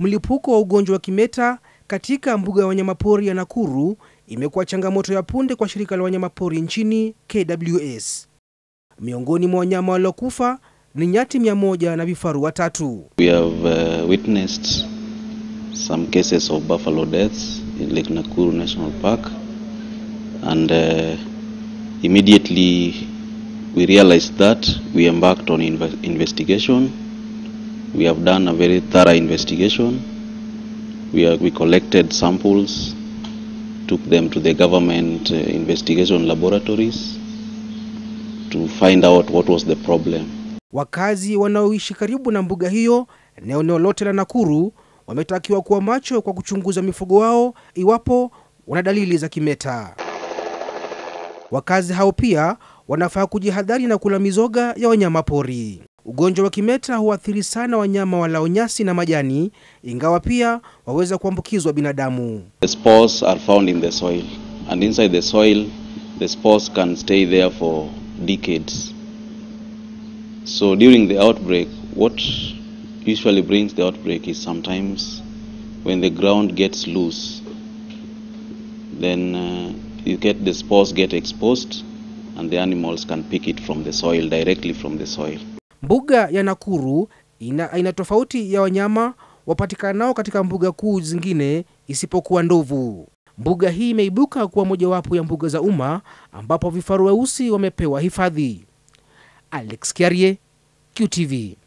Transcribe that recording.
Mlipuko wa ugonjwa wa kimeta katika mbuga ya wanyamapori ya Nakuru imekuwa changamoto ya punde kwa shirika la wanyamapori nchini KWS. Miongoni mwa wanyama waliokufa ni nyati mia moja na vifaru watatu. We have uh, witnessed some cases of buffalo deaths in Lake Nakuru National Park and uh, immediately we realized that we embarked on inv investigation We have done a very thorough investigation. We, are, we collected samples, took them to the government uh, investigation laboratories to find out what was the problem. Wakazi wanaoishi karibu na mbuga hiyo eneo eneo lote la Nakuru wametakiwa kuwa macho kwa kuchunguza mifugo wao iwapo wana dalili za kimeta. Wakazi hao pia wanafaa kujihadhari na kula mizoga ya wanyama pori. Ugonjwa wa kimeta huathiri sana wanyama walao nyasi na majani, ingawa pia waweza kuambukizwa binadamu. The spores are found in the soil and inside the soil the spores can stay there for decades. So during the outbreak what usually brings the outbreak is sometimes when the ground gets loose then uh, you get the spores get exposed and the animals can pick it from the soil directly from the soil. Mbuga ya Nakuru ina aina tofauti ya wanyama wapatikanao katika mbuga kuu zingine isipokuwa ndovu. Mbuga hii imeibuka kuwa mojawapo ya mbuga za umma ambapo vifaru weusi wamepewa hifadhi. Alex Kiarie, QTV.